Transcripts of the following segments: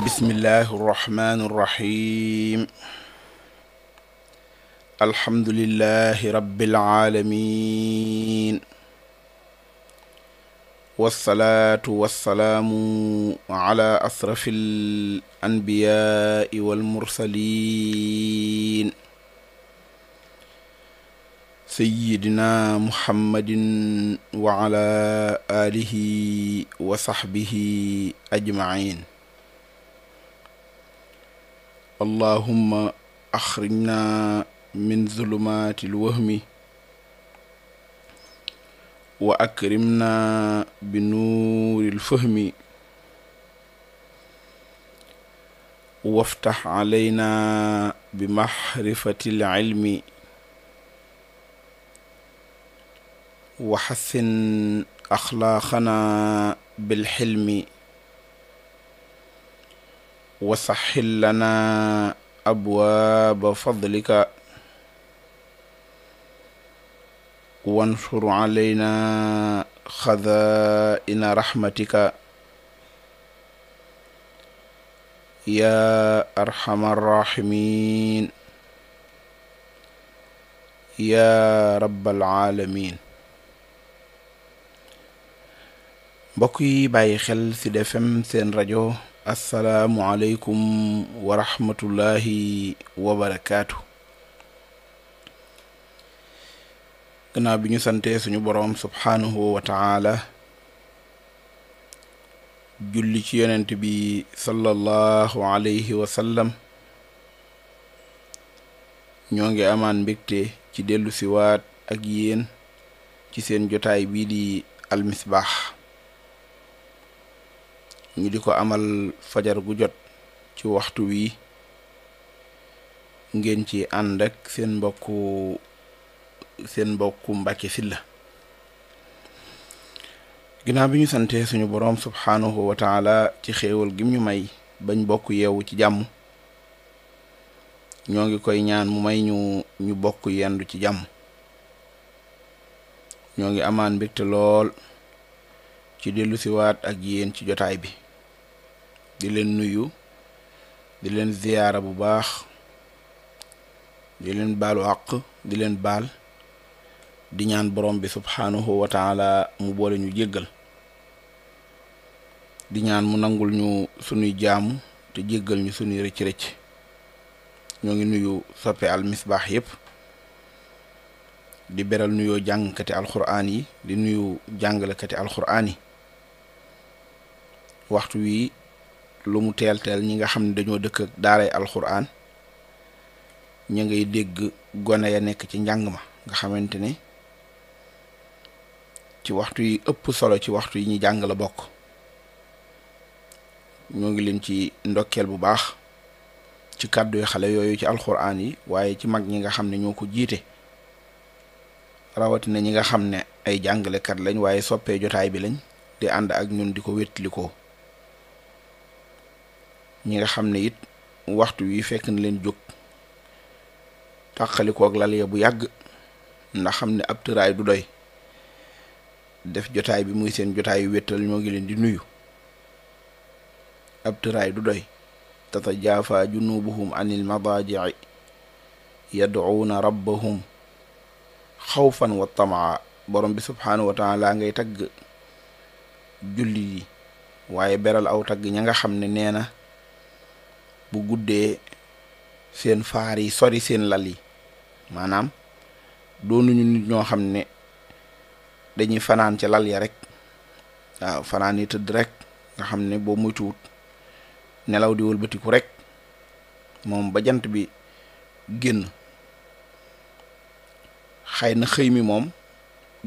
bismillahi irrahmani irrahim alhamdulilahi rabbilaalamin walsalaatu walsalaamu ala asrafi al anbiyaai walmursalin sayidina muhammadin wa ala alihi wa saxbihi ajmain allahumma axrijna min zulumaati lwahmi wa akrimna bi nuuril fahmi waftax alayna bi maxrifatil ilmi wa xassin axlaaqana bil xilmi wa saxil lana abwaaba fadlika wansur alayna xadaa'ina raxmatika yaa arxama arraximin yaa rabbal aalamiin mbokk yi bàyyi xel ci Sud FM seen rajo asalaamualeykum wa rahmatullahi wa barakaatu. gannaaw bi ñu santee suñu boroom subhaanahu wa ta'ala. julli ci yonent bi sallallahu alayhi wa ñoo ngi amaan mbégte ci dellu siwaat ak yéen ci seen jotaay bii di almisbaax ñu di ko amal fajar gu jot ci waxtu wi ngeen ci ànd ak seen mbokku seen mbokku Mbàkke bi ñu santee suñu boroom subhaanahu wa taala ci xéewal gim ñu may bañ bokk yeewu ci jàmm ñoo ngi koy ñaan mu may ñu ñu bokk yendu ci jàmm ñoo ngi amaan mbégte lool ci dellusiwaat ak yéen ci jotaay bi di leen nuyu di leen ziyaara bu baax di leen baalu àq di leen baal di ñaan borom bi subhaanahu wa mu boole ñu jéggal di ñaan mu nangul ñu sunuy jaamu te jéggal ñu sunuy rëcc-rëcc ñoo ngi nuyu soppe al misbaax yépp di beral nuyoo jàngkati alxuraan yi di nuyu jàngalekati alxuraan yi waxtu wi lu mu teel teel ñi nga xam ne dañoo dëkk ak daaray alxuraan ñu ngay dégg gone ya nekk ci njàng ma nga xamante ne ci waxtu yi ëpp solo ci waxtu yi ñu jàng la bokk ñoo ngi leen ci ndokkeel bu baax ci kàddu yu xale yooyu ci alxuraan yi waaye ci mag ñi nga xam ne ñoo ko jiite rawatina ñi nga xam ne ay jàngalekat lañ waaye soppee jotaay bi lañ di ànd ak ñun di ko wétli ñi nga xam ne it waxtu wi fekk na leen jóg tàqalikoo ak lal ya bu yàgg ndax xam ne ab tëraay du doy def jotaay bi muy seen jotaay yu wéttal ñoo ngi leen di nuyu ab tëraay du doy jaafa junubuhum anil madaaji'i yad'uuna rabbahum xawfan wa tamaa borom bi subhaanahu wa taala ngay tagg julli yi waaye beral aw tagg ña nga xam ne nee na bu guddee seen faar yi sori seen lal yi maanaam doonuñu nit ñoo xam ne dañuy fanaan ci lal ya rek waaw fanaan yi tëdd rek nga xam ne boo moytuwut nelaw di wëlbatiku rek moom ba jant bi génn xay na xëy mi moom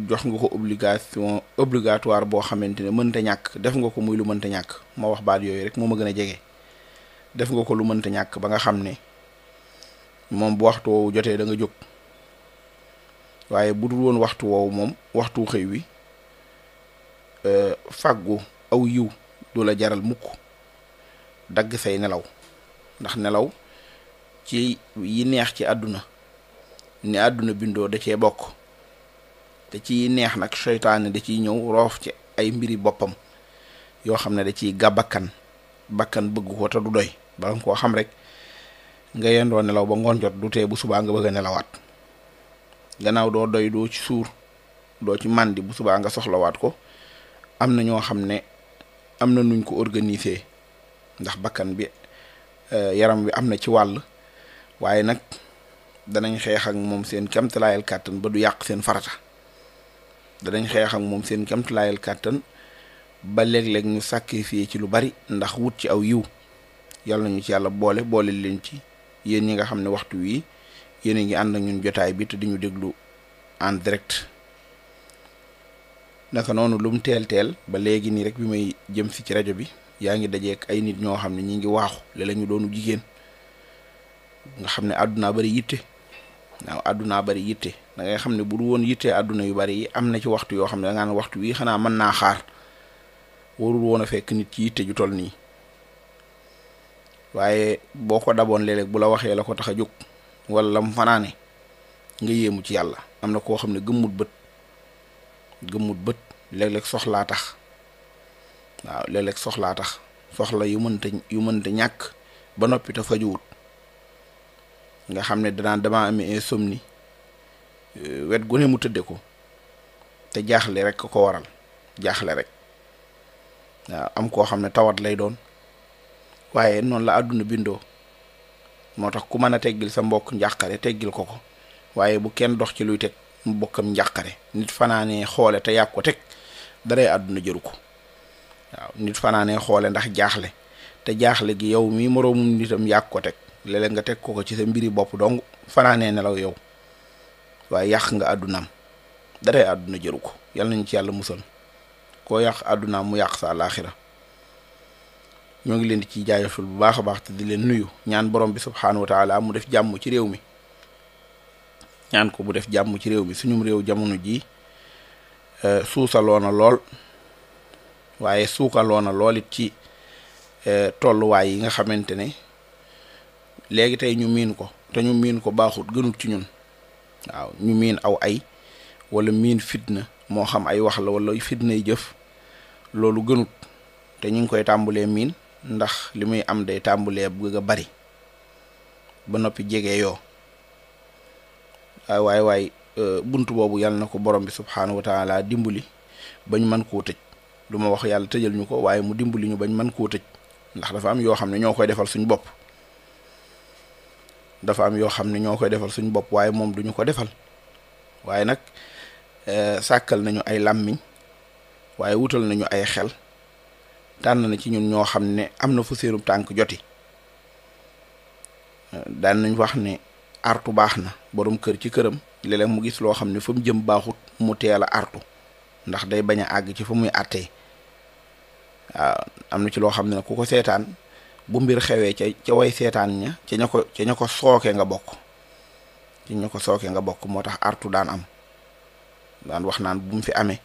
jox nga ko obligation obligatoire boo xamante ne mënta ñàkk def nga ko muy lu mënta ñàkk ma wax baat yooyu rek moo ma gën a jege def nga ko lu mënta ñàkk ba nga xam ne moom bu waxtu woowu jotee da nga jóg waaye bu dul woon waxtu woowu moom waxtu xëy wi euh, fàggu aw yiw du la jaral mukk dagg say nelaw ndax nelaw ci yi neex ci àdduna ni àdduna bindoo da cee bokk te ci neex nag seytaane da ciy ñëw roof ci ay mbiri boppam yoo xam ne da ciy gàbakkan bakkan bëgg ko te du doy bala nga koo xam rek nga yendoo nelaw ba ngoon jot du tee bu subaa nga bëgg a nelawaat gannaaw doo doy doo ci suur doo ci màndi bu subaa nga soxlawaat ko am na ñoo xam ne am na nuñ ko organiser ndax bakkan bi euh, yaram wi am na ci wàll waaye nag danañ xeex ak moom seen kemtalaayal kàttan ba du yàq seen farata danañ xeex ak moom seen kemtalaayal kàttan ba léeg-léeg ñu sacrifier ci lu bari ndax wut ci aw yiw yàlla nañu ci yàlla boole boole leen ci yéen ñi nga xam ne waxtu wii yéen a ngi ànd ak ñun jotaay bi te di déglu en direct naka noonu lum teel teel ba léegi nii rek bi may jëm si ci rajo bi yaa ngi dajeek ay nit ñoo xam ne ñi ngi waaxu le la ñu doonu jigéen nga xam ne àdduna bari yitte waaw àdduna bari yitte da xam ne bu du woon yitte àdduna yu bari yi am na ci waxtu yoo xam ne da ngaa waxtu wii xanaa mën naa xaar warul woon a fekk nit ci yitte ju nii. waaye boo ko daboon léeg-léeg bu la waxee la ko tax a jóg wala lam fanaane nga yéemu ci yàlla am na koo xam ne gëmmut bët gëmmut bët léeg-léeg soxlaa tax waaw léeg-léeg soxlaa tax soxla yu mënta yu mënta ñàkk ba noppi te fajuwut nga xam ne danaan dama amee insomnie euh, wet gu ne mu tëdde ko te jaaxle rek ko waral jaaxle rek waaw am koo xam ne tawat lay doon waaye noonu la àdduna bindoo moo tax ku mën a teggil sa mbokk njàqare teggil ko ko waaye bu kenn dox ci luy teg mu bokkam njàqare nit fanaanee xoole te yàq ko teg daray àdduna jëru ko waaw nit fanaanee xoole ndax jaaxle te jaaxle gi yow mii moroomum nitam yàq ko teg leleen nga teg ko ko ci sa mbiri bopp dong fanaanee nelaw yow waaye yàq nga àddunaam daray àdduna jëru ko yàlla nañ ci yàlla musal koo yàq àddunaam mu yàq sa àllaaxira ñoo ngi leen di ciy jaajëfal bu baax a baax te di leen nuyu ñaan borom bi subxanahu wa taala mu def jàmm ci réew mi ñaan ko mu def jàmm ci réew mi suñum réew jamono ji eh, suusaloo na lool waaye suukaloo na lool it ci eh, tolluwaay yi nga xamante ne léegi tey ñu miin ko te miin ko baaxut gënut ci ñun waaw ñu miin aw ay wala miin fitna moo xam ay wax la wala fitnay jëf loolu gënut te ñu ngi koy tàmbalee miin. ndax li muy am day tàmbulee bëgg a bari ba noppi jege yoo waaye waay euh, bunt boobu yàlla na ko borom bi subxanahu wa taala dimbali bañ mën koo tëj du ma wax yàlla tëjal ñu ko waaye mu dimbali ñu bañ man koo tëj ndax dafa am yoo xam ne ñoo koy defal suñ bopp dafa am yoo xam ne ñoo koy defal suñ bopp waaye moom duñu ko defal waaye nag euh, sàkkal nañu ay làmmiñ waaye wutal nañu ay xel. tànn na ci ñun ñoo xam ne am na fu seenu tànk joti daan nañ wax ne artu baax na borom kër ci këram léeg mu gis loo xam ne fa mu jëm baaxut mu teel a artu ndax day bañ a àgg ci fa muy àttee waaw am na ci loo xam ne ku ko seetaan bu mbir xewee ca ca way seetaan ña ko ca ko sooke nga bokk ci ña ko sooke nga bokk moo tax artu daan am daan wax naan bu fi amee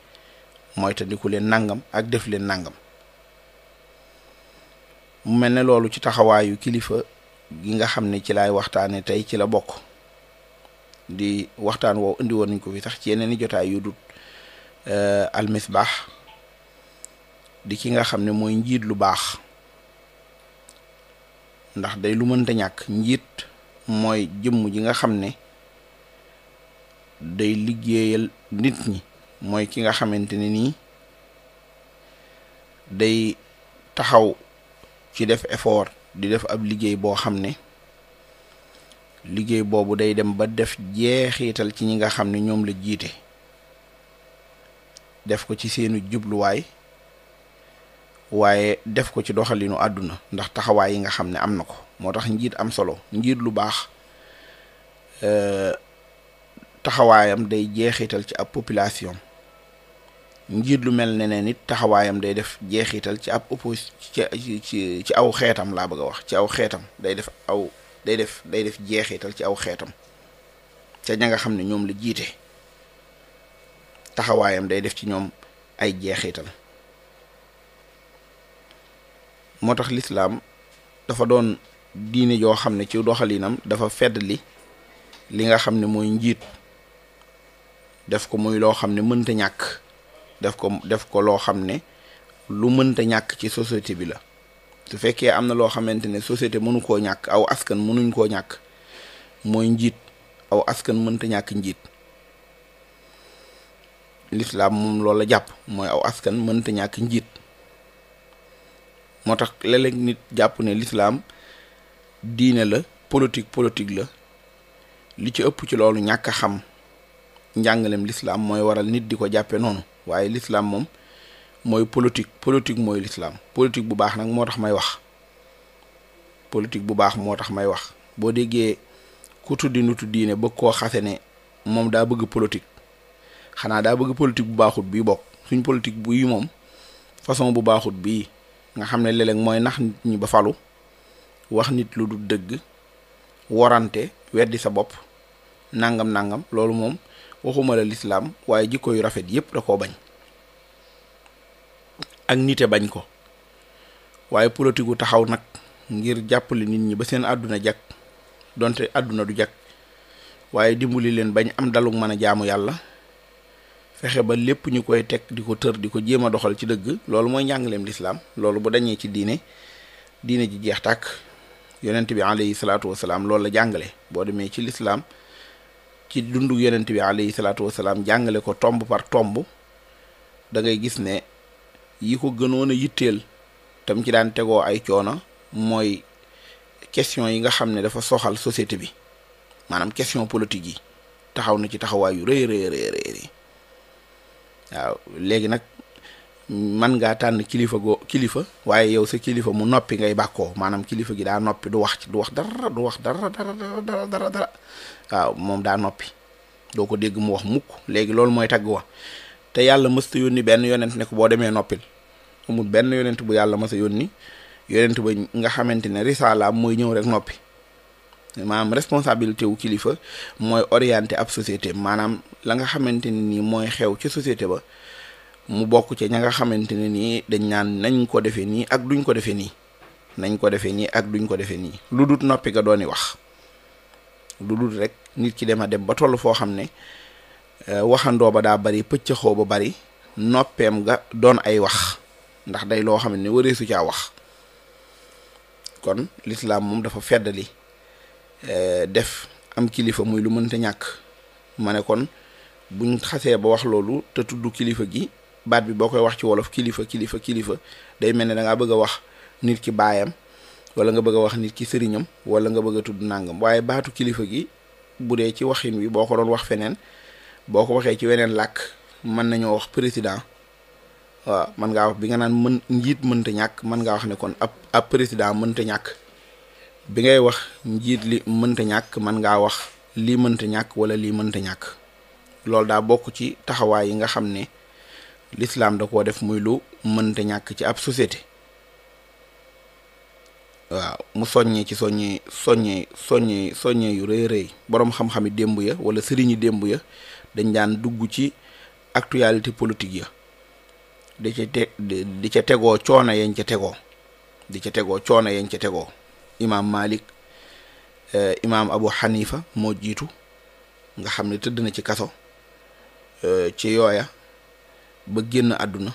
mooy tandiku leen nangam ak def leen nangam mel ne loolu ci taxawaayu kilifa gi nga xam ne ci laay waxtaane tey ci la bokk di waxtaan woow indi nañ ko fi tax ci yeneen i jotaay yu dut euh, almisbaax di ki nga xam ne mooy njiit lu baax ndax day lu mënta ñàkk njiit mooy jëmm ji nga xam ne day liggéeyal nit ñi mooy ki nga xamante ne nii day taxaw ci def effort di def ab liggéey boo xam ne liggéey boobu day dem ba def jeexiital ci ñi nga xam ne ñoom la jiite def ko ci seenu jubluwaay waaye def ko ci doxalinu àdduna ndax taxawaay yi nga xam ne am na ko moo tax njiit am solo njiit lu baax euh, taxawaayam day jeexital ci ab population njiit lu mel ne ne nit taxawaayam day def jeexital ci ab oppos ci ci aw xeetam laa bëgg a wax ci aw xeetam day def aw day def day def jeexital ci aw xeetam ca ña nga xam ne ñoom la jiite taxawaayam day def ci ñoom ay jeexital moo tax lislaam dafa doon diine joo xam ne ci doxalinam dafa fedd li li nga xam ne mooy njiit def ko muy loo xam ne mënta ñàkk def ko def ko loo xam ne lu mënta ñàkk ci société bi la su fekkee am na loo xamante ne société mënu koo ñàkk aw askan mënuñ koo ñàkk mooy njiit aw askan mënta ñàkk njiit lislaam moom loolu jàpp mooy aw askan mënta ñàkk njiit moo tax léeg nit jàpp ne lislaam diine la politique politique la li ci ëpp ci loolu ñàkk xam njàngalem lislaam mooy waral nit di ko jàppe noonu waaye lislaam moom mooy politique politique mooy lislaam politique bu baax nag moo tax may wax politique bu baax moo tax may wax boo déggee ku tuddi nutu diine bëgg koo xase ne moom daa bëgg politique xanaa daa bëgg politique bu baaxut bii bokk suñ politique bii moom façon bu baaxut bii nga xam ne léeg mooy nax nit ñi ba falu wax nit lu du dëgg warante weddi sa bopp nangam nangam loolu moom waxuma la lislaam waaye jikko yu rafet yépp da koo bañ ak nite bañ ko waaye politique taxaw nag ngir jàppale nit ñi ba seen àdduna jag donte àdduna du jag waaye dimbali leen bañ am dalug mën a jaamu yàlla fexe ba lépp ñu koy teg di ko tër di ko jéem doxal ci dëgg loolu mooy njàngaleem lislaam loolu bu dañee ci diine diine ji jeex tàkk yonent bi alayhi salaatu wasalaam loolu la jàngale boo demee ci lislaam ci dundu yenent bi alayhi salaatu wasalaam jàngale ko tomb par tomb da ngay gis ne yi ko gënoon a yitteel tam ci daan tegoo ay coono mooy question yi nga xam ne dafa soxal société bi maanaam question politique yi taxaw na ci taxawaay yu rëy rëy rëy rëy waaw léegi nag man ngaa tànn kilifa goo kilifa waaye yow sa kilifa mu noppi ngay bàkkoo maanaam kilifa gi daa noppi du wax du wax dara du wax dara dara dara waaw moom daa noppi doo ko dégg mu wax mukk léegi loolu mooy tagg wa te yàlla mësta yónni benn yonent ne ko boo demee noppil amul benn yonent bu yàlla mësa yónni yonent ba nga xamante ne risaalaam mooy ñëw rek noppi maanaam responsabilité wu kilifa mooy orienté ab société maanaam la nga xamante nii mooy xew ci société ba mu bokk ci ña nga xamante ne nii dañ naan nañ ko defee nii ak duñ ko defee nii nañ ko defee nii ak duñ ko defee nii lu dut noppi nga dooni wax lu dut rek nit ki dema dem ba toll foo xam ne eh, waxandoo ba daa bari pëccëxoo ba bari noppeem ga doon ay wax ndax day loo xam ne wëreesu caa wax kon lislaam moom dafa feddali eh, def am kilifa muy lu mënta ñàkk ma ne kon buñ xasee ba wax loolu te tudd kilifa gi baat bi boo koy wax ci wolof kilifa kilifa kilifa day mel ne da ngaa bëgg a wax nit ki baayam wala nga bëgg a wax nit ki sëriñam wala nga bëgg a tudd nàngam waaye baatu kilifa gi bu dee ci waxin wi boo ko doon wax feneen boo ko waxee ci weneen làkk mën nañoo wax président waaw mën ngaa wax bi nga naan mën njiit mënta ñàkk mën ngaa wax ne kon ab ab président ñàkk bi ngay wax njiit li mënta ñàkk mën ngaa wax lii mënta ñàkk wala lii mënta ñàkk loolu daa bokk ci taxawaay yi nga xam ne lislaam da koo def muy lu mënta ñàkk ci ab société waaw mu soññee ci soññee soññee soññee soññee yu rëy rëy boroom xam-xam démb ya wala sëriñi démb ya dañ daan dugg ci actualité politique ya di ca te di ca tegoo coono yañ ca tegoo di ca tegoo coono yañ ca tegoo imaam Malik eh, imaam Abu Hanifa moo jiitu nga xam ne tëdd na ci kaso eh, ci yooya ba génn àdduna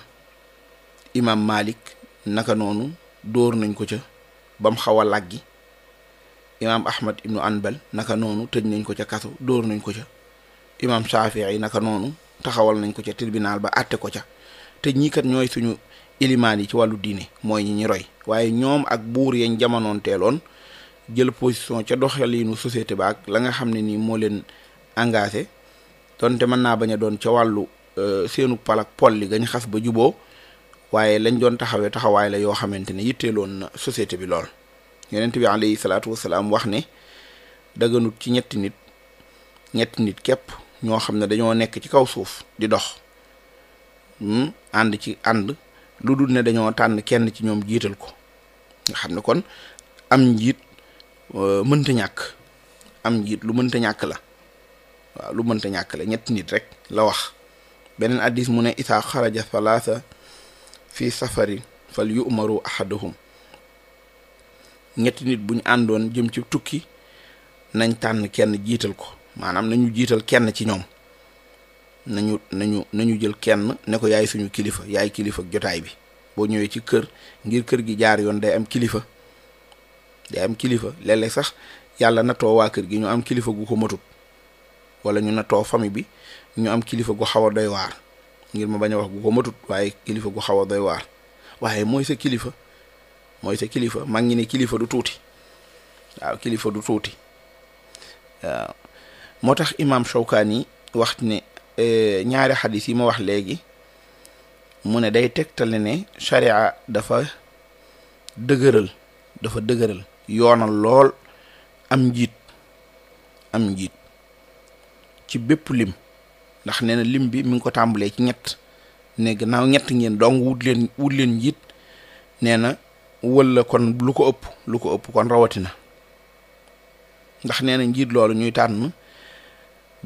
imam Malik naka noonu dóor nañ ko ca ba mu xaw a làggi imaam Ahmad ibnu Anbal naka noonu tëj nañ ko ca kaso dóor nañ ko ca imaam yi naka noonu taxawal nañ ko ca tribunal ba àtte ko ca te ñii kat ñooy suñu ilimaan yi ci wàllu diine mooy ñi ñi roy waaye ñoom ak buur yañ jamonoon teeloon jël position ca doxalinu société ba ak la nga xam ne nii moo leen engagé donte mën naa bañ a doon ca wàllu Euh, seenu palak pol li gañ xas ba jubo waaye lañ doon taxawee taxawaay la yoo xamante ne yitteeloon na société bi lool yonent bi alayhi salaatu wasalaam wax ne daganut ci ñetti nit ñetti nit képp ñoo xam ne dañoo nekk ci kaw suuf di dox hmm, ànd ci ànd lu dul ne dañoo tànn kenn ci ñoom jiital ko nga xam ne kon am njiit euh, mënta ñàkk am njiit lu mënta ñàkk la waaw lu mënta ñàkk la ñetti nit rek la wax beneen addis mu ne isaa xaraja salaasa fi safari fal yu umaru ahaduhum ñetti nit bu ñu àndoon jëm ci tukki nañ tànn kenn jiital ko maanaam nañu jiital kenn ci ñoom nañu nañu nañu jël kenn ne ko yaay suñu kilifa yaay kilifa jotaay bi boo ñëwee ci kër ngir kër gi jaar yoon day am kilifa day am kilifa léeg sax yàlla na too waa kër gi ñu am kilifa gu ko matut wala ñu natoo famille bi ñu am kilifa gu xaw a doy waar ngir ma bañ a wax gu ko matut waaye kilifa gu xaw a doy waar waaye mooy sa kilifa mooy sa kilifa mag ñi ne kilifa du tuuti waaw kilifa du tuuti moo tax imaam Shawkaani wax ne e, ñaari xadis yi ma wax léegi mu ne day tegtale ne sharia dafa dëgëral dafa dëgëral yoonal lool am njiit am njiit ci bépp lim ndax nee na lim bi mu ngi ko tàmbalee ci ñett ne gannaaw ñett ngeen dong wut leen wut leen njiit nee na wala kon lu ko ëpp lu ko ëpp kon rawatina ndax nee na njiit loolu ñuy tànn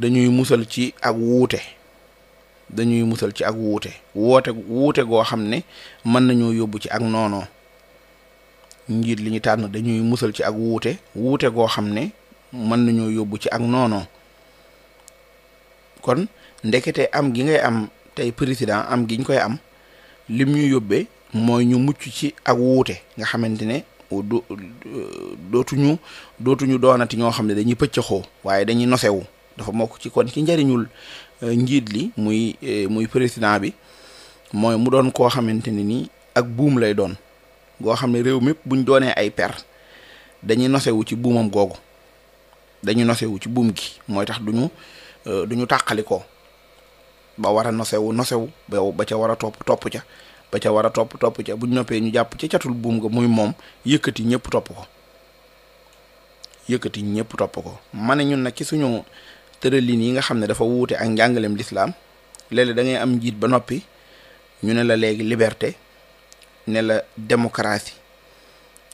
dañuy musal ci ak wuute dañuy musal ci ak wuute woote wuute goo xam ne mën nañoo yóbbu ci ak noonoo njiit li tànn dañuy musal ci ak wuute wuute goo xam ne mën nañoo yóbbu ci ak noonoo kon ndekete am gi ngay am tey président am gi ñu koy am lim ñu yóbbee mooy ñu mucc ci ak wuute nga xamante ne du dootuñu dootuñu doonati ñoo xam ne dañuy pëccëxoo waaye dañuy nosewu dafa mokk ci kon ci njariñul euh, njiit li muy euh, muy président bi mooy mu doon koo xamante ni nii ak buum lay doon goo xam ne réew mépp buñ doonee ay per dañuy nosewu ci buumam googu dañuy nosewu ci buum gi mooy tax duñu du ñu ko ba war a nosewu nosewu ba ba ca war a topp topp ca ba ca war a topp topp ca buñ noppee ñu jàpp ca catul buum ga muy moom yëkkati ñëpp topp ko yëkkati ñëpp topp ko ma ne ñun nag ci suñu tërëlin yi nga xam ne dafa wuute ak njàngaleem lislaam léeg dangay am njiit ba noppi ñu ne la léegi liberté ne la démocratie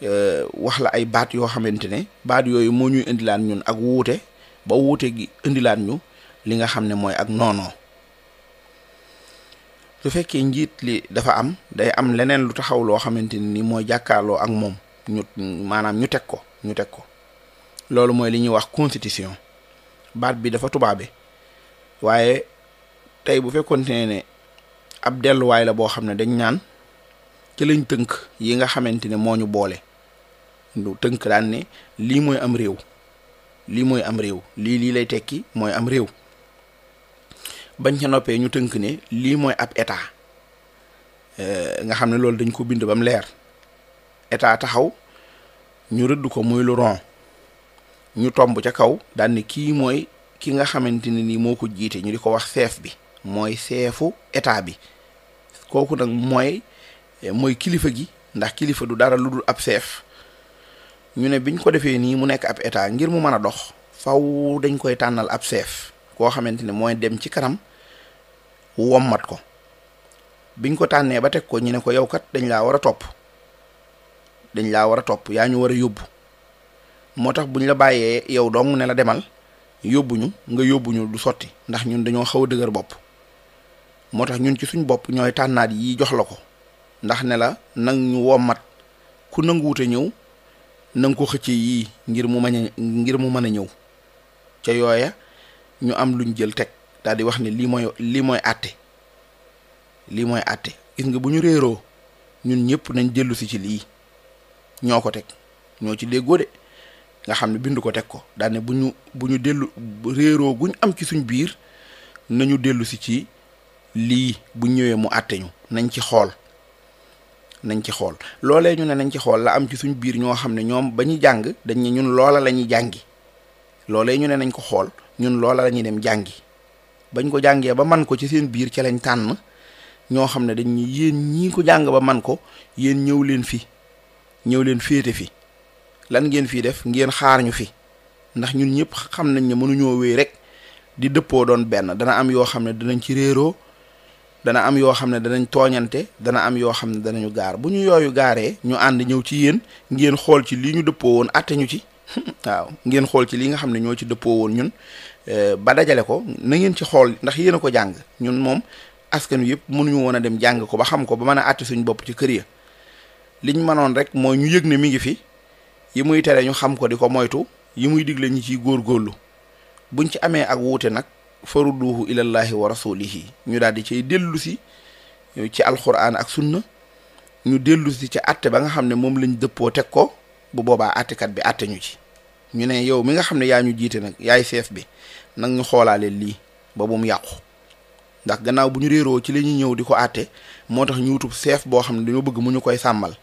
euh, wax la ay baat yoo xamante ne baat yooyu moo ñuy indilaan ñun ak wuute ba wuute gi indilaan ñu li nga xam ne mooy ak noonoo su fekkee njiit li dafa am day am leneen lu taxaw loo xamante ni mooy jàkkaarloo ak moom ñu maanaam ñu teg ko ñu teg ko loolu mooy li ñuy wax constitution baat bi dafa tubaabe waaye tey bu fekkoonte ne ab delluwaay la boo xam ne dañ naan ci lañ tënk yi nga xamante ne moo ñu boole lu tënk daan ne lii mooy am réew lii mooy am réew lii lii lay tekki mooy am réew bañ ca noppee ñu tënk ne lii mooy ab état euh, nga xam ne loolu dañ ko bind ba mu leer état taxaw ñu rëdd ko muy lu ron ñu tomb ca kaw daan ne kii mooy ki nga xamante ne nii moo ko jiite ñu di ko wax seef bi mooy chefu état bi kooku nag mooy mooy kilifa gi ndax kilifa du dara lu dul ab chef ñu ne biñ ko defee nii mu nekk ab état ngir mu mën a dox faw dañ koy tànnal ab chef koo xamante ne mooy dem ci kanam wommat ko biñ ko tànnee ba teg ko ñu ne ko yow kat dañ laa war a topp dañ la war a topp yaa ñu war a yóbbu moo tax buñ la bàyyee yow dong ne la demal yóbbuñu nga yóbbuñu du sotti ndax ñun dañoo xaw a dëgër bopp moo tax ñun ci suñ bopp ñooy tànnaat yi jox la ko ndax ne la nang ñu wommat ku nanguwute ñëw nang ko xëcce yii ngir mu mañ ngir mu mën a ñëw ca yooya ñu am luñ jël teg daal wax ni lii mooy lii mooy àtte lii mooy àtte gis nga bu ñu réeroo ñun ñëpp nañ jëllu si ci lii ñoo ko teg ñoo ci déggoo de nga xam ne bindu ko teg ko daal bu ñu bu ñu dellu réeroo guñ am ci suñ biir nañu dellu si ci lii bu ñëwee mu àtte ñu nañ ci xool nañ ci xool loolee ñu ne nañ ci xool la am ci suñ biir ñoo xam ne ñoom ba ñu jàng dañ ne ñun loola la ñuy jàngi loolee ñu ne nañ ko xool ñun loola la ñuy dem jàngi bañ ko jàngee ba man ko ci seen biir ci lañ tànn ñoo xam ne dañ yéen ñii ko jàng ba man ko yéen ñëw leen fi ñëw leen féete fi lan ngeen fii def ngeen xaar ñu fi ndax ñun ñëpp xam nañ ne mënuñoo wéy rek di dëppoo doon benn dana am yoo xam ne danañ ci réeroo dana am yoo xam ne danañ tooñante dana am yoo xam ne danañu gaar bu ñu yooyu gaaree ñu ànd ñëw ci yéen ngeen xool ci lii ñu dëppoo woon àtte ñu ci waaw ngeen xool ci li nga xam ne ñoo ci dëppoo woon ñun eh, ba dajale ko na ngeen ci xool ndax yéen a ko jàng ñun moom askan wi yëpp mënuñu woon a dem jàng ko ba xam ko ba mën a àtte suñu bopp ci kër ya liñ mënoon rek mooy ñu yëg ne mi ngi fi yi muy tere ñu xam ko di ko moytu yi muy digle ñu ciy góor góorgóorlu buñ ci amee ak wuute nag faruduhu ilallahi wa rasulihi ñu daal di ciy dellu si ci alquran ak sunna ñu dellusi ci àtte ba nga xam ne moom lañ dëppoo teg ko bu boobaa àttekat bi àtte ñu ci ñu ne yow mi nga xam ne yaa ñu jiite nag yaay seef bi nag ñu xoolaale lii ba bu yàqu ndax gannaaw bu ñu réeroo ci la ñuy ñëw di ko àtte moo tax ñu wutub chef boo xam ne dañoo bëgg mu ñu koy sàmmal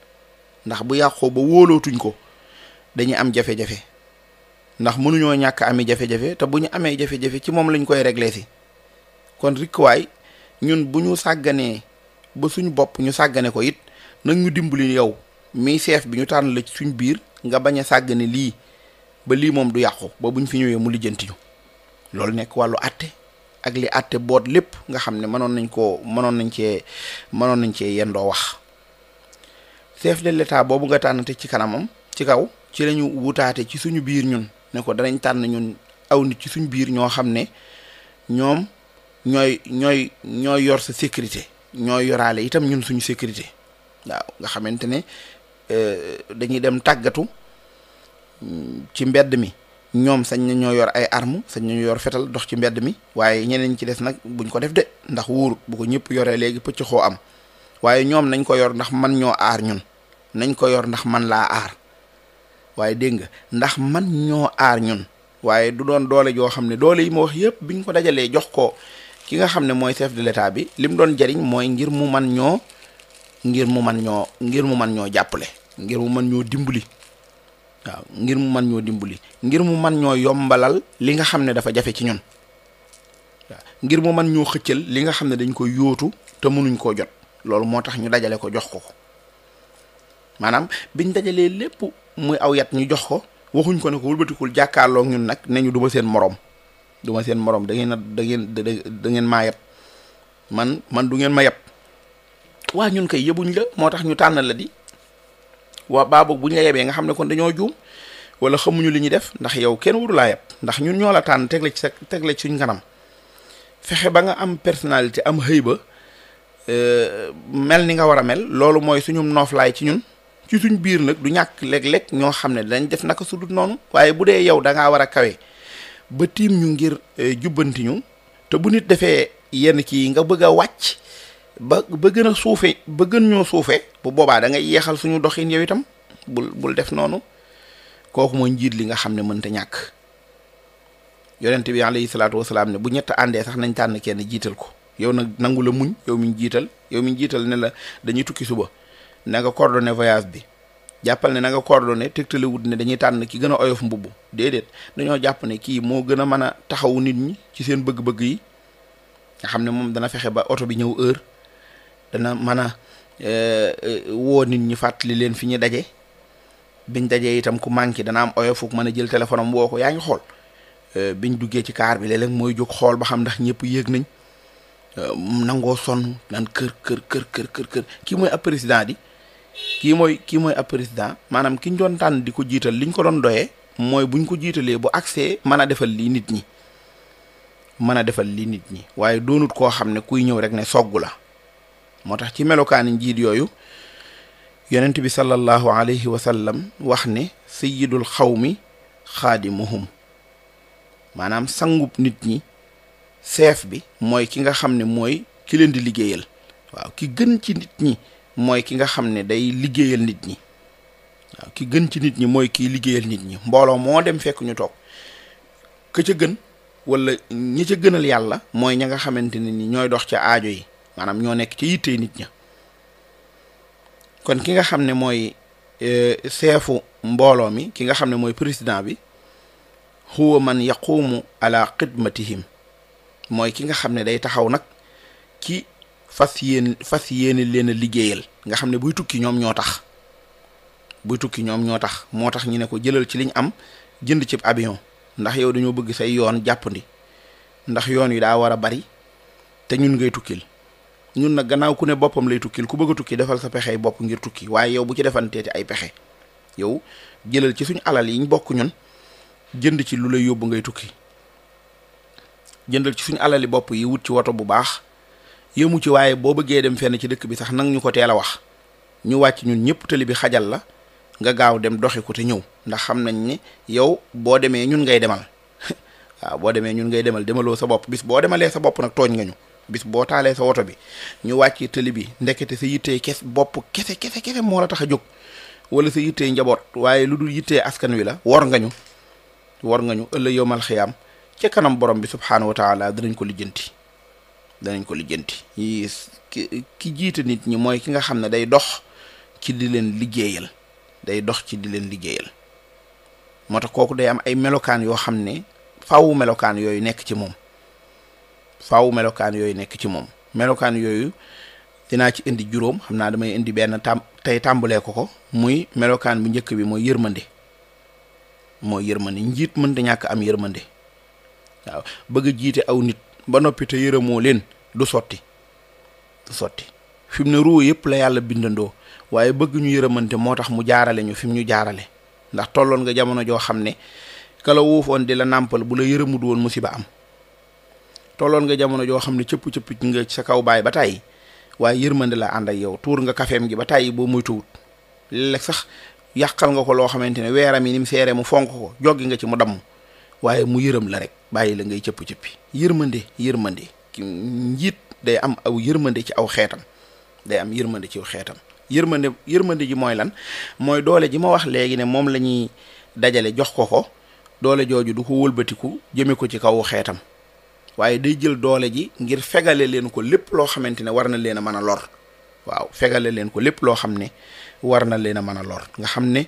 ndax bu yàqoo ba wóolootuñ ko dañuy am jafe-jafe ndax mënuñoo ñàkk ami jafe-jafe te bu ñu amee jafe-jafe ci moom lañ koy réglé si kon rikkuwaay ñun bu ñu sàgganee ba suñu bopp ñu sàggane ko it nag ñu dimbali yow mii chef bi ñu tànn la ci suñ biir nga bañ a sàggane lii ba lii moom du yàqu ba buñ fi ñëwee mu lijjanti ñu loolu nekk wàllu àtte ak li àtte boot lépp nga xam ne mënoon nañ ko mënoon nañ cee mënoon nañ cee yendoo wax chef de l'état boobu nga tànnate ci kanamam ci kaw ci lañu wutaate ci suñu biir ñun ne ko danañ tànn ñun aw nit ci suñu biir ñoo xam ne ñoom ñooy ñooy ñooy yor sa sécurité ñooy yoraale itam ñun suñu sécurité waaw nga xamante ne Euh, dañuy dem tàggatu mm, ci mbedd mi ñoom sañ na ñoo yor ay armes sañ na ñoo yor fetal dox ci mbedd mi waaye ñeneen ci des nag buñ ko def de ndax wóorut bu ko ñëpp yoree léegi pëcc xoo am waaye ñoom nañ ko yor ndax man ñoo aar ñun nañ ko yor ndax man laa aar waaye dégg nga ndax man ñoo aar ñun waaye du doon doole joo xam ne doole yi moo wax yëpp biñ ko dajalee jox ko ki nga xam ne mooy seef de l'état bi lim doon jariñ mooy ngir mu man ñoo ngir mu man ñoo ngir mu man ñoo jàppale ngir mu mën ñoo dimbali waaw ngir mu mën ñoo dimbali ngir mu mën ñoo yombalal li nga xam ne dafa jafe ci ñun ngir mu mën ñoo xëccal li nga xam ne dañ ko yóotu te mënuñ koo jot loolu moo tax ñu dajale ko jox ko ko maanaam biñ dajalee lépp muy aw yat ñu jox ko waxuñ ko ne ko wëlbatikul jàkkaarloo ñun nag ne ñu duma seen moroom duma seen moroom da ngeen a da ngeen maa yab man man du ngeen ma yab waa ñun kay yëbuñ la moo tax ñu tànn la di waa baa boog bu ñu la yebee nga xam ne kon dañoo juum wala xamuñu li ñuy def ndax yow kenn waru laa yeb ndax ñun ñoo la tànn teg ci sa teg la suñ kanam fexe ba nga am personnalité am xëy ba euh, mel ni nga war a mel loolu mooy suñu nooflaay ci ñun ci suñ biir nag du ñàkk léeg-léeg ñoo xam ne dañ def naka sudut noonu waaye bu dee yow da ngaa war a kawe ba tiim ñu ngir euh, jubbanti ñu te bu nit defee yenn kii nga bëgg a wàcc ba ba gën a suufee ba gën ñoo suufee bu boobaa da ngay yeexal suñu doxin yow itam bul bul def noonu kooku mooy njiit li nga xam ne mën mënta ñàkk yonent bi alayhi salaatu wasalaam ne bu ñett àndee sax nañ tànn kenn jiital ko yow nag nangu la muñ yow miñ jiital yow miñ jiital ne la dañuy tukki suba na nga coordonné voyage bi jàppal ne na nga coordonné tegtale ne dañuy tànn ki gën a oyof mbubb déedéet dañoo jàpp ne kii moo gën a mën a taxawu nit ñi ci seen bëgg-bëgg yi nga xam ne moom dana fexe ba oto bi ñëw heure dana mën a eh, eh, woo nit ñi fàttali leen fi ñu daje biñ dajee itam ku manqué dana am oyofuk mën a jël téléphone am woo ko yaa ngi xool eh, biñ duggee ci kaar bi léeg mooy jóg xool ba xam ndax ñëpp yéeg nañ nangoo sonn naan kër kër kër kër kër kii mooy ab président di kii mooy kii mooy ab président maanaam ki ñu doon tànn di ko jiital liñ ko doon doyee mooy buñ ko jiitalee bu accès mën a defal lii nit ñi mën a defal lii nit ñi waaye doonut koo xam ne kuy ñëw rek ne sogg la moo tax ci melokaani njiit yooyu yonent bi sallallahu alayhi wa sallam wax ne xaw sayyidul xawmi xaadimuhum maanaam sangub nit ñi chef bi mooy ki nga xam ne mooy ki leen di liggéeyal waaw ki gën ci nit ñi mooy ki nga xam ne day liggéeyal nit ñi ki gën ci nit ñi mooy kiy liggéeyal nit ñi mbooloo moo dem fekk ñu toog ka ca gën wala ñi ca gënal yàlla mooy ña nga xamante nit ni ñooy dox ca aajo yi anam ñoo nekk ci yittee nit ña kon ki nga xam ne mooy eh, seefu mbooloo mi ki nga xam ne mooy président bi huwa man yaqumu ala xidmatihim mooy ki nga xam ne day taxaw nag ci fas yéen fas yéene leen liggéeyal nga xam ne buy tukki ñoom ñoo tax buy tukki ñoom ñoo tax moo tax ñu ne ko jëlal ci liñ am jënd cib avion ndax yow dañoo bëgg say yoon jàppandi ndax yoon wi daa war a bari te ñun ngay tukkil ñun nag gannaaw ku ne boppam lay tukkil ku bëgg a tukki defal sa pexey bopp ngir tukki waaye yow bu ci defanteeti ay pexe yow jëlal ci suñu alal yi bokk ñun jënd ci lu yóbbu ngay tukki jëndal ci suñu alali bopp yi wut ci woto bu baax yëmu ci waaye boo bëggee dem fenn ci dëkk bi sax nang ñu ko teel a wax ñu wàcc ñun ñëpp tëli bi xajal la nga gaaw dem doxi ko te ñëw ndax xam nañ ni yow boo demee ñun ngay demal waaw boo demee ñun ngay demal demaloo sa bopp bis boo demalee sa bopp nag tooñ nga ñu bis boo taalee sa woto bi ñu wàccee tëli bi ndekete sa yittee kes bopp kese kese kese moo la tax a jóg wala sa yittee njaboot waaye lu dul yittee askan wi la wor nga ñu wor nga ñu ëllë yowmal xiyaam ca kanam borom bi subhaanahu wa taala danañ ko lijjanti danañ ko lijjanti yi ki jiite nit ñi mooy ki nga xam ne day dox ci di leen liggéeyal day dox ci di leen liggéeyal moo tax kooku day am ay melokaan yoo xam ne faawu melokaan yooyu nekk ci moom faaw melokaan yooyu nekk ci moom melokaan yooyu dinaa ci indi juróom xam naa damay indi benn tam tey tàmbalee ko ko muy melokaan bu njëkk bi mooy yërmande mooy yërmande njiit mënta ñàkk am yërmande bëgg jiite aw nit ba noppi te yërëmoo leen du sotti du fi mu ne ruu yëpp la yàlla bindandoo waaye bëgg ñu yërëmante moo tax mu jaarale ñu fi mu ñu jaarale ndax tolloon nga jamono joo xam ne kala wóofoon di la nàmpal bu la yërëmut woon ba am tolloon nga jamono joo xam ne cëpp cëpp nga sa kaw baay ba tàyyi waaye yërmande la ànd ak yow tuur nga kafeem gi ba tàyyi boo muy tuut léeg sax yàqal nga ko loo xamante ne weeram yi ni mu seere mu fonk ko joggi nga ci mu damm waaye mu yërëm la rek bàyyi la ngay cëpp cëppi yërmande yërmande njiit day am aw yërmande ci aw xeetam day am yërmande ci aw xeetam yërmande yërmande ji mooy lan mooy doole ji ma wax léegi ne moom la ñuy dajale jox ko ko doole jooju du ko wëlbatiku jëme ko ci kaw xeetam waaye day jël doole ji ngir fegale leen ko lépp loo xamante ne war na leen a mën a lor waaw fegale leen ko lépp loo xam ne war na leen a mën a lor nga xam ne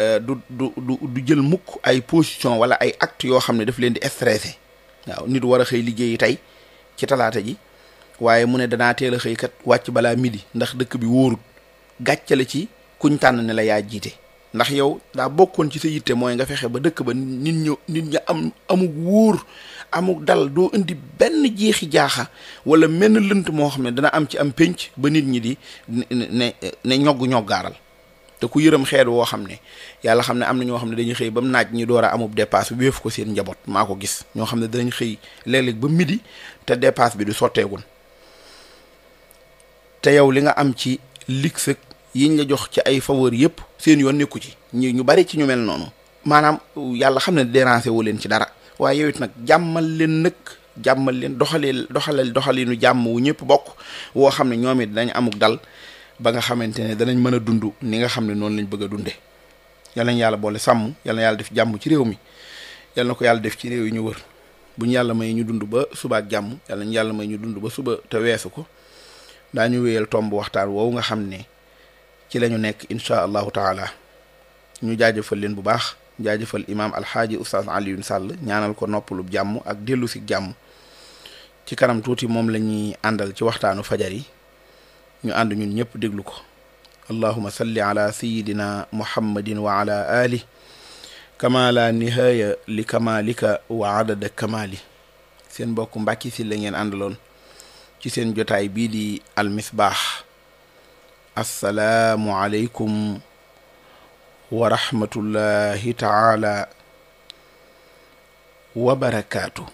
euh, du du du du jël mukk ay position wala ay acte yoo xam ne daf leen di stressé waaw nit war a xëy liggéeyi tey ci talaata ji waaye mu ne danaa teel a xëy kat wàcc balaa midi ndax dëkk bi wóorut gàccale ci kuñ tànn ne la yaa jiite ndax yow daa bokkoon ci sa yitte mooy nga fexe ba dëkk ba nit ñu nit ñi am amug wóor amug dal doo indi benn jeexi jaaxa wala menn lënt moo xam ne dana am ci am pénc ba nit ñi di ne ne ñogg ñoggaaral te ku yërëm xeet woo xam ne yàlla xam ne am na ñoo xam ne dañuy xëy ba mu naaj ñi door a amub dépasse bi wéef ko seen njaboot maa ko gis ñoo xam ne danañ xëy léeg-léeg ba midi te dépasse bi du sotteegul te yow li nga am ci lig yiñ la jox ci ay faveur yëpp seen yoon nekku ci ñu ñu bari ci ñu mel noonu maanaam yàlla xam ne déranger wu leen ci dara waaye yow it nag jàmmal leen nag jàmmal leen doxaleel doxaleel doxalinu jàmm wu ñëpp bokk woo xam ne ñoom it dañ amuk dal ba nga xamante ne danañ mën a dund ni nga xam ne noonu lañ bëgg a dunde yal nañ yàlla boole sàmm yal na yàlla def jàmm ci réew mi yal ko yàlla def ci réew yi ñu wër bu ñu yàlla may ñu dund ba suba ak jàmm yal nañ yàlla may ñu dund ba suba te weesu ko daañu wéyal tomb waxtaan woowu nga xam ne ci la ñu nekk incha allah taala ñu jaajëfal leen bu baax jaajëfal imaam alxaaji oustaz Alioune Sall ñaanal ko noppalub jàmm ak dellu si jàmm ci kanam tuuti moom la ñuy àndal ci waxtaanu fajar yi ñu ànd ñun ñëpp déglu ko allahuma salli ala sayidina muhammadin wa ala ali kama la nihaaya li kamalika wa adada kamali seen mbokk Mbàkke si la ngeen àndaloon ci seen jotaay bii di almisbaax assalaamu aleykum wa rahmatullahi taala wa barakaatu